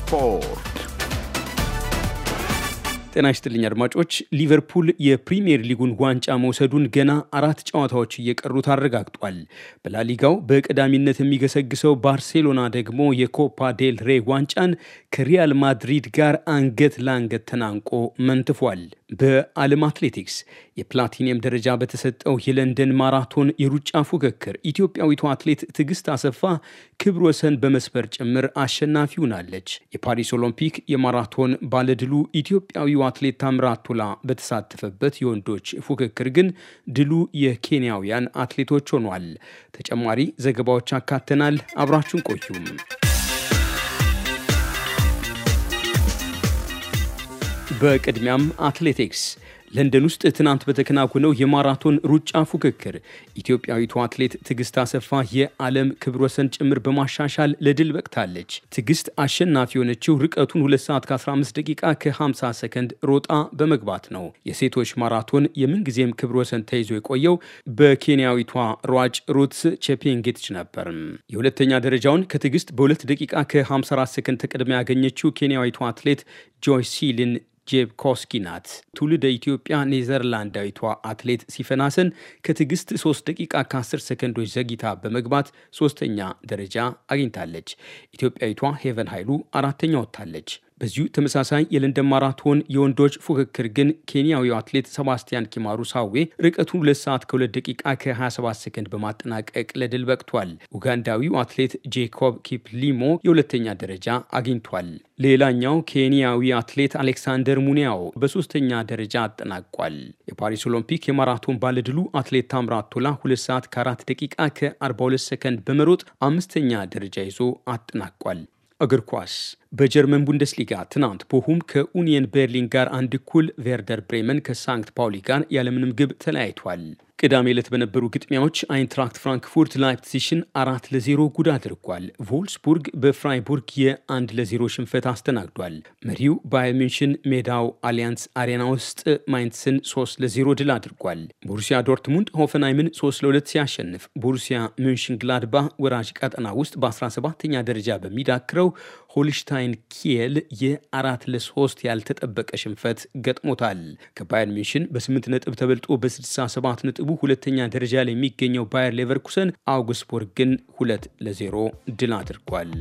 ስፖርት ጤና ይስጥልኝ አድማጮች። ሊቨርፑል የፕሪምየር ሊጉን ዋንጫ መውሰዱን ገና አራት ጨዋታዎች እየቀሩት አረጋግጧል። በላሊጋው በቀዳሚነት የሚገሰግሰው ባርሴሎና ደግሞ የኮፓ ዴል ሬ ዋንጫን ከሪያል ማድሪድ ጋር አንገት ለአንገት ተናንቆ መንትፏል። በዓለም አትሌቲክስ የፕላቲኒየም ደረጃ በተሰጠው የለንደን ማራቶን የሩጫ ፉክክር ኢትዮጵያዊቱ አትሌት ትዕግስት አሰፋ ክብር ወሰን በመስበር ጭምር አሸናፊ ሆናለች። የፓሪስ ኦሎምፒክ የማራቶን ባለድሉ ኢትዮጵያዊው አትሌት ታምራት በተሳተፈበት የወንዶች ፉክክር ግን ድሉ የኬንያውያን አትሌቶች ሆኗል። ተጨማሪ ዘገባዎች አካተናል። አብራችሁን ቆዩም በቅድሚያም አትሌቲክስ ለንደን ውስጥ ትናንት በተከናወነው የማራቶን ሩጫ ፉክክር ኢትዮጵያዊቱ አትሌት ትዕግስት አሰፋ የዓለም ክብረ ወሰን ጭምር በማሻሻል ለድል በቅታለች። ትዕግስት አሸናፊ የሆነችው ርቀቱን 2 ሰዓት ከ15 ደቂቃ ከ50 ሰከንድ ሮጣ በመግባት ነው። የሴቶች ማራቶን የምንጊዜም ክብረ ወሰን ተይዞ የቆየው በኬንያዊቷ ሯጭ ሩትስ ቼፔንጌትች ነበር። የሁለተኛ ደረጃውን ከትዕግስት በ2 ደቂቃ ከ54 ሰከንድ ተቀድማ ያገኘችው ኬንያዊቷ አትሌት ጆይሲሊን ጄብኮስኪ ናት። ትውልደ ኢትዮጵያ ኔዘርላንዳዊቷ አትሌት ሲፈናሰን ከትዕግስት 3 ደቂቃ ከ10 ሰከንዶች ዘግይታ በመግባት ሶስተኛ ደረጃ አግኝታለች። ኢትዮጵያዊቷ ሄቨን ኃይሉ አራተኛ ወጥታለች። በዚሁ ተመሳሳይ የለንደን ማራቶን የወንዶች ፉክክር ግን ኬንያዊው አትሌት ሰባስቲያን ኪማሩ ሳዌ ርቀቱ 2 ሰዓት ከ2 ደቂቃ ከ27 ሰከንድ በማጠናቀቅ ለድል በቅቷል። ኡጋንዳዊው አትሌት ጄኮብ ኪፕሊሞ የሁለተኛ ደረጃ አግኝቷል። ሌላኛው ኬንያዊ አትሌት አሌክሳንደር ሙኒያው በሶስተኛ ደረጃ አጠናቋል። የፓሪስ ኦሎምፒክ የማራቶን ባለድሉ አትሌት ታምራት ቶላ 2 ሰዓት ከ4 ደቂቃ ከ42 ሰከንድ በመሮጥ አምስተኛ ደረጃ ይዞ አጠናቋል። እግር ኳስ በጀርመን ቡንደስሊጋ ትናንት ቦሁም ከኡኒየን ቤርሊን ጋር አንድ እኩል፣ ቬርደር ብሬመን ከሳንክት ፓውሊ ጋር ያለምንም ግብ ተለያይቷል። ቅዳሜ ዕለት በነበሩ ግጥሚያዎች አይንትራክት ፍራንክፉርት ላይፕሲሽን አራት ለዜሮ ጉድ አድርጓል። ቮልስቡርግ በፍራይቡርግ የአንድ ለዜሮ ሽንፈት አስተናግዷል። መሪው ባየር ሚንሽን ሜዳው አሊያንስ አሬና ውስጥ ማይንስን ሶስት ለዜሮ ድል አድርጓል። ቦሩሲያ ዶርትሙንድ ሆፈንሃይምን ሶስት ለሁለት ሲያሸንፍ ቦሩሲያ ሚንሽን ግላድባህ ወራጅ ቀጠና ውስጥ በ17ኛ ደረጃ በሚዳክረው ሆልሽታ። ሆልስታይን ኪየል የአራት ለሶስት ያልተጠበቀ ሽንፈት ገጥሞታል። ከባየር ሚንሽን በ8 ነጥብ ተበልጦ በ67 ነጥቡ ሁለተኛ ደረጃ ላይ የሚገኘው ባየር ሌቨርኩሰን አውግስቡርግን ሁለት ለዜሮ ድል አድርጓል።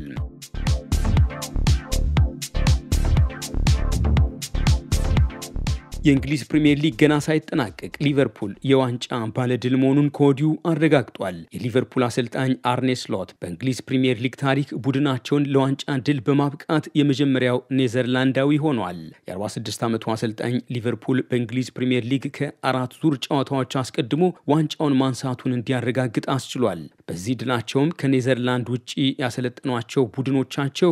የእንግሊዝ ፕሪምየር ሊግ ገና ሳይጠናቀቅ ሊቨርፑል የዋንጫ ባለድል መሆኑን ከወዲሁ አረጋግጧል። የሊቨርፑል አሰልጣኝ አርኔ ስሎት በእንግሊዝ ፕሪምየር ሊግ ታሪክ ቡድናቸውን ለዋንጫ ድል በማብቃት የመጀመሪያው ኔዘርላንዳዊ ሆኗል። የ46 ዓመቱ አሰልጣኝ ሊቨርፑል በእንግሊዝ ፕሪምየር ሊግ ከአራት ዙር ጨዋታዎች አስቀድሞ ዋንጫውን ማንሳቱን እንዲያረጋግጥ አስችሏል። በዚህ ድላቸውም ከኔዘርላንድ ውጪ ያሰለጠኗቸው ቡድኖቻቸው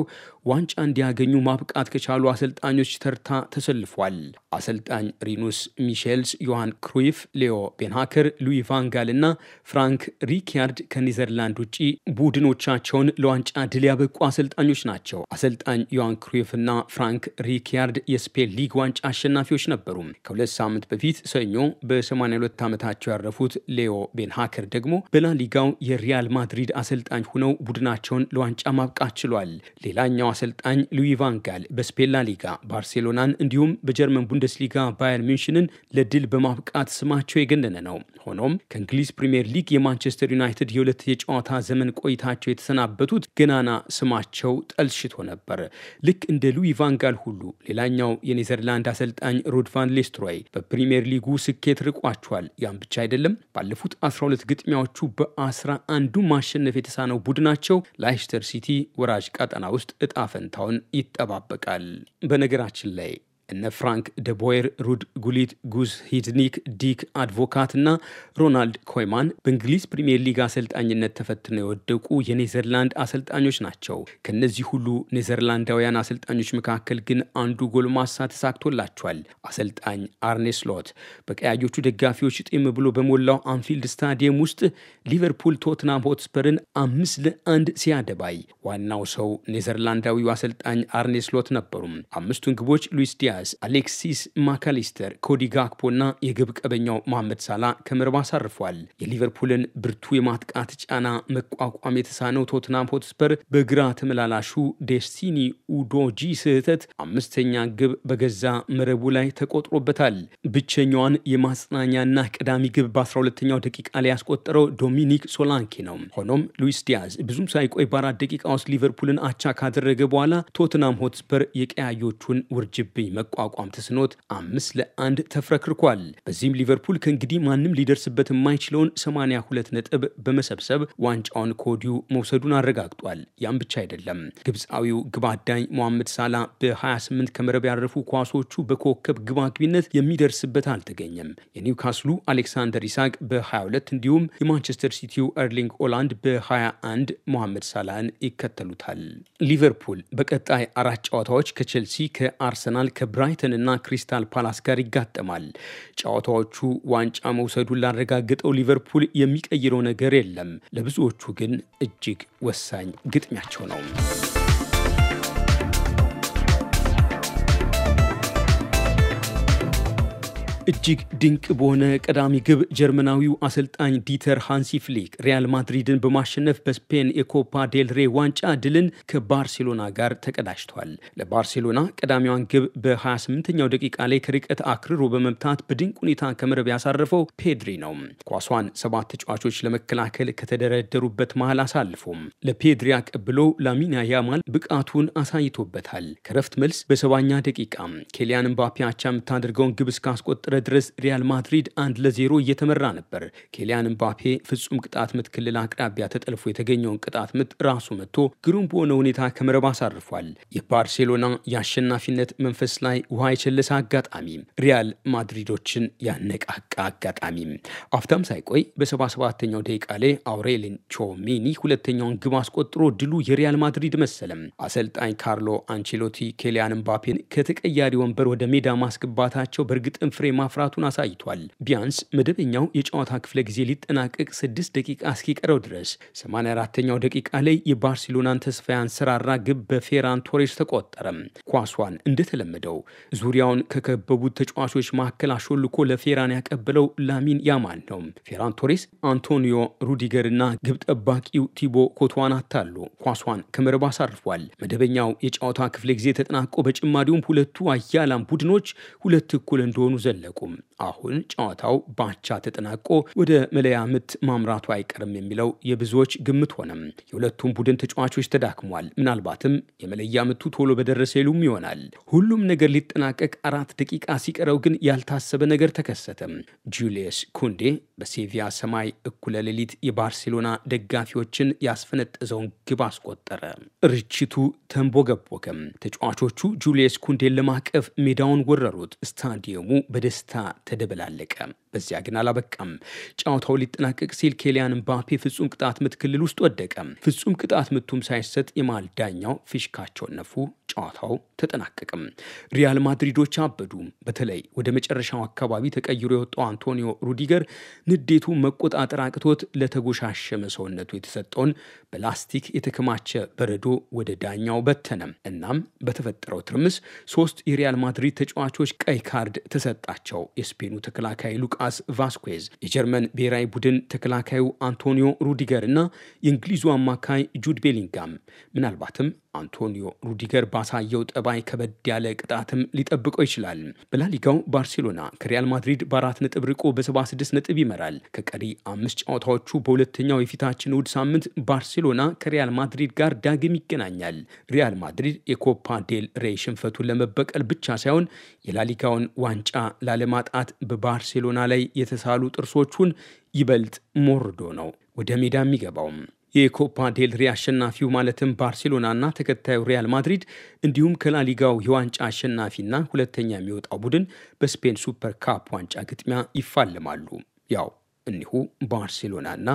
ዋንጫ እንዲያገኙ ማብቃት ከቻሉ አሰልጣኞች ተርታ ተሰልፏል። አሰልጣኝ ሪኑስ ሚሼልስ፣ ዮሐን ክሩይፍ፣ ሌዮ ቤንሃከር፣ ሉዊ ቫንጋል እና ፍራንክ ሪኪያርድ ከኔዘርላንድ ውጪ ቡድኖቻቸውን ለዋንጫ ድል ያበቁ አሰልጣኞች ናቸው። አሰልጣኝ ዮሐን ክሩይፍ እና ፍራንክ ሪኪያርድ የስፔን ሊግ ዋንጫ አሸናፊዎች ነበሩ። ከሁለት ሳምንት በፊት ሰኞ በ82 ዓመታቸው ያረፉት ሌዮ ቤንሃከር ደግሞ በላሊጋው የሪ የሪያል ማድሪድ አሰልጣኝ ሆነው ቡድናቸውን ለዋንጫ ማብቃት ችሏል። ሌላኛው አሰልጣኝ ሉዊ ቫንጋል በስፔን ላ ሊጋ ባርሴሎናን፣ እንዲሁም በጀርመን ቡንደስሊጋ ባየር ሚንሽንን ለድል በማብቃት ስማቸው የገነነ ነው። ሆኖም ከእንግሊዝ ፕሪምየር ሊግ የማንቸስተር ዩናይትድ የሁለት የጨዋታ ዘመን ቆይታቸው የተሰናበቱት ገናና ስማቸው ጠልሽቶ ነበር። ልክ እንደ ሉዊ ቫንጋል ሁሉ ሌላኛው የኔዘርላንድ አሰልጣኝ ሩድ ቫን ሌስትሮይ በፕሪምየር ሊጉ ስኬት ርቋቸዋል። ያም ብቻ አይደለም። ባለፉት 12 ግጥሚያዎቹ በ11 አንዱ ማሸነፍ የተሳነው ቡድናቸው ላይስተር ሲቲ ወራጅ ቀጠና ውስጥ እጣ ፈንታውን ይጠባበቃል። በነገራችን ላይ እነ ፍራንክ ደቦየር፣ ሩድ ጉሊት፣ ጉዝ ሂድኒክ፣ ዲክ አድቮካት እና ሮናልድ ኮይማን በእንግሊዝ ፕሪምየር ሊግ አሰልጣኝነት ተፈትነው የወደቁ የኔዘርላንድ አሰልጣኞች ናቸው። ከእነዚህ ሁሉ ኔዘርላንዳውያን አሰልጣኞች መካከል ግን አንዱ ጎልማሳ ተሳክቶላቸዋል። አሰልጣኝ አርኔ ስሎት በቀያዮቹ ደጋፊዎች ጢም ብሎ በሞላው አንፊልድ ስታዲየም ውስጥ ሊቨርፑል ቶትናም ሆትስፐርን አምስት ለአንድ ሲያደባይ ዋናው ሰው ኔዘርላንዳዊው አሰልጣኝ አርኔ ስሎት ነበሩም። አምስቱን ግቦች ሉዊስ ዲያ ዲያዝ፣ አሌክሲስ ማካሊስተር፣ ኮዲ ጋክፖና የግብ ቀበኛው መሐመድ ሳላ ከመረብ አሳርፏል። የሊቨርፑልን ብርቱ የማጥቃት ጫና መቋቋም የተሳነው ቶትናም ሆትስፐር በግራ ተመላላሹ ዴስቲኒ ኡዶጂ ስህተት አምስተኛ ግብ በገዛ መረቡ ላይ ተቆጥሮበታል። ብቸኛዋን የማጽናኛና ቀዳሚ ግብ በ12ኛው ደቂቃ ላይ ያስቆጠረው ዶሚኒክ ሶላንኬ ነው። ሆኖም ሉዊስ ዲያዝ ብዙም ሳይቆይ በአራት ደቂቃ ውስጥ ሊቨርፑልን አቻ ካደረገ በኋላ ቶትናም ሆትስፐር የቀያዮቹን ውርጅብኝ መቋቋም ተስኖት አምስት ለአንድ ተፍረክርኳል። በዚህም ሊቨርፑል ከእንግዲህ ማንም ሊደርስበት የማይችለውን 82 ነጥብ በመሰብሰብ ዋንጫውን ከወዲሁ መውሰዱን አረጋግጧል። ያም ብቻ አይደለም። ግብፃዊው ግብ አዳኝ ሞሐመድ ሳላ በ28 ከመረብ ያረፉ ኳሶቹ በኮከብ ግብ አግቢነት የሚደርስበት አልተገኘም። የኒውካስሉ አሌክሳንደር ኢሳቅ በ22 እንዲሁም የማንቸስተር ሲቲው ኤርሊንግ ኦላንድ በ21 ሞሐመድ ሳላን ይከተሉታል። ሊቨርፑል በቀጣይ አራት ጨዋታዎች ከቼልሲ፣ ከአርሰናል፣ ከብ እና ክሪስታል ፓላስ ጋር ይጋጠማል። ጨዋታዎቹ ዋንጫ መውሰዱን ላረጋግጠው ሊቨርፑል የሚቀይረው ነገር የለም። ለብዙዎቹ ግን እጅግ ወሳኝ ግጥሚያቸው ነው። እጅግ ድንቅ በሆነ ቀዳሚ ግብ ጀርመናዊው አሰልጣኝ ዲተር ሃንሲ ፍሊክ ሪያል ማድሪድን በማሸነፍ በስፔን የኮፓ ዴልሬ ዋንጫ ድልን ከባርሴሎና ጋር ተቀዳጅቷል። ለባርሴሎና ቀዳሚዋን ግብ በ28ኛው ደቂቃ ላይ ከርቀት አክርሮ በመምታት በድንቅ ሁኔታ ከመረብ ያሳረፈው ፔድሪ ነው። ኳሷን ሰባት ተጫዋቾች ለመከላከል ከተደረደሩበት መሃል አሳልፎም ለፔድሪ አቀብሎ ላሚና ያማል ብቃቱን አሳይቶበታል። ከረፍት መልስ በሰባኛ ደቂቃ ኬሊያን ምባፔ አቻ የምታደርገውን ግብ እስካስቆጠረ ድረስ ሪያል ማድሪድ አንድ ለዜሮ እየተመራ ነበር። ኬሊያን ምባፔ ፍጹም ቅጣት ምት ክልል አቅራቢያ ተጠልፎ የተገኘውን ቅጣት ምት ራሱ መጥቶ ግሩም በሆነ ሁኔታ ከመረብ አሳርፏል። የባርሴሎና የአሸናፊነት መንፈስ ላይ ውሃ የቸለሰ አጋጣሚ ሪያል ማድሪዶችን ያነቃቃ አጋጣሚ አፍታም ሳይቆይ በ77ኛው ደቂቃ ላይ አውሬሊን ቾሚኒ ሁለተኛውን ግብ አስቆጥሮ ድሉ የሪያል ማድሪድ መሰለም። አሰልጣኝ ካርሎ አንቼሎቲ ኬሊያን ምባፔን ከተቀያሪ ወንበር ወደ ሜዳ ማስገባታቸው በእርግጥም ፍሬማ ማፍራቱን አሳይቷል። ቢያንስ መደበኛው የጨዋታ ክፍለ ጊዜ ሊጠናቀቅ ስድስት ደቂቃ እስኪቀረው ድረስ 84ኛው ደቂቃ ላይ የባርሴሎናን ተስፋ ያንሰራራ ግብ በፌራን ቶሬስ ተቆጠረ። ኳሷን እንደተለመደው ዙሪያውን ከከበቡት ተጫዋቾች መካከል አሾልኮ ለፌራን ያቀበለው ላሚን ያማል ነው። ፌራን ቶሬስ፣ አንቶኒዮ ሩዲገርና ግብ ጠባቂው ቲቦ ኮቷን አታሉ ኳሷን ከመረብ አሳርፏል። መደበኛው የጨዋታ ክፍለ ጊዜ ተጠናቆ በጭማሪውም ሁለቱ አያላም ቡድኖች ሁለት እኩል እንደሆኑ ዘለቁ። አልጠየቁም። አሁን ጨዋታው ባቻ ተጠናቆ ወደ መለያ ምት ማምራቱ አይቀርም የሚለው የብዙዎች ግምት ሆነም። የሁለቱም ቡድን ተጫዋቾች ተዳክሟል። ምናልባትም የመለያ ምቱ ቶሎ በደረሰ ይሉም ይሆናል። ሁሉም ነገር ሊጠናቀቅ አራት ደቂቃ ሲቀረው ግን ያልታሰበ ነገር ተከሰተም። ጁልየስ ኩንዴ በሴቪያ ሰማይ እኩለ ሌሊት የባርሴሎና ደጋፊዎችን ያስፈነጠዘውን ግብ አስቆጠረ። ርችቱ ተንቦገቦገም። ተጫዋቾቹ ጁልየስ ኩንዴን ለማቀፍ ሜዳውን ወረሩት። ስታዲየሙ በደስታ ተደበላለቀ። በዚያ ግን አላበቃም። ጨዋታው ሊጠናቀቅ ሲል ኬሊያን ምባፔ ፍጹም ቅጣት ምት ክልል ውስጥ ወደቀ። ፍጹም ቅጣት ምቱም ሳይሰጥ የመሃል ዳኛው ፊሽካቸውን ነፉ። ጨዋታው ተጠናቀቅም። ሪያል ማድሪዶች አበዱ። በተለይ ወደ መጨረሻው አካባቢ ተቀይሮ የወጣው አንቶኒዮ ሩዲገር ንዴቱ መቆጣጠር አቅቶት ለተጎሻሸመ ሰውነቱ የተሰጠውን በላስቲክ የተከማቸ በረዶ ወደ ዳኛው በተነ። እናም በተፈጠረው ትርምስ ሶስት የሪያል ማድሪድ ተጫዋቾች ቀይ ካርድ ተሰጣቸው። የስፔኑ ተከላካይ ሉቃስ ቫስኩዝ፣ የጀርመን ብሔራዊ ቡድን ተከላካዩ አንቶኒዮ ሩዲገር እና የእንግሊዙ አማካይ ጁድ ቤሊንጋም ምናልባትም አንቶኒዮ ሩዲገር ባሳየው ጠባይ ከበድ ያለ ቅጣትም ሊጠብቀው ይችላል። በላሊጋው ባርሴሎና ከሪያል ማድሪድ በአራት ነጥብ ርቆ በ76 ነጥብ ይመራል። ከቀሪ አምስት ጨዋታዎቹ በሁለተኛው የፊታችን እሁድ ሳምንት ባርሴሎና ከሪያል ማድሪድ ጋር ዳግም ይገናኛል። ሪያል ማድሪድ የኮፓ ዴል ሬይ ሽንፈቱን ለመበቀል ብቻ ሳይሆን የላሊጋውን ዋንጫ ላለማጣት በባርሴሎና ላይ የተሳሉ ጥርሶቹን ይበልጥ ሞርዶ ነው ወደ ሜዳ የሚገባውም። የኮፓ ዴልሪ አሸናፊው ማለትም ባርሴሎናና ተከታዩ ሪያል ማድሪድ እንዲሁም ከላሊጋው የዋንጫ አሸናፊና ሁለተኛ የሚወጣው ቡድን በስፔን ሱፐር ካፕ ዋንጫ ግጥሚያ ይፋለማሉ። ያው እኒሁ ባርሴሎናና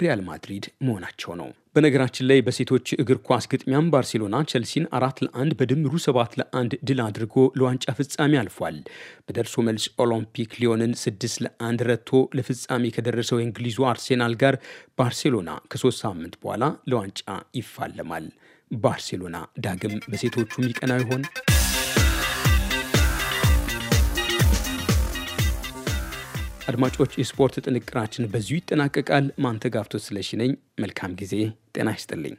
ሪያል ማድሪድ መሆናቸው ነው። በነገራችን ላይ በሴቶች እግር ኳስ ግጥሚያም ባርሴሎና ቸልሲን አራት ለአንድ በድምሩ ሰባት ለአንድ ድል አድርጎ ለዋንጫ ፍጻሜ አልፏል። በደርሶ መልስ ኦሎምፒክ ሊዮንን ስድስት ለአንድ ረቶ ለፍጻሜ ከደረሰው የእንግሊዙ አርሴናል ጋር ባርሴሎና ከሶስት ሳምንት በኋላ ለዋንጫ ይፋለማል። ባርሴሎና ዳግም በሴቶቹም ይቀና ይሆን? አድማጮች፣ የስፖርት ጥንቅራችን በዚሁ ይጠናቀቃል። ማንተጋፍቶት ስለሽነኝ መልካም ጊዜ። ጤና ይስጥልኝ።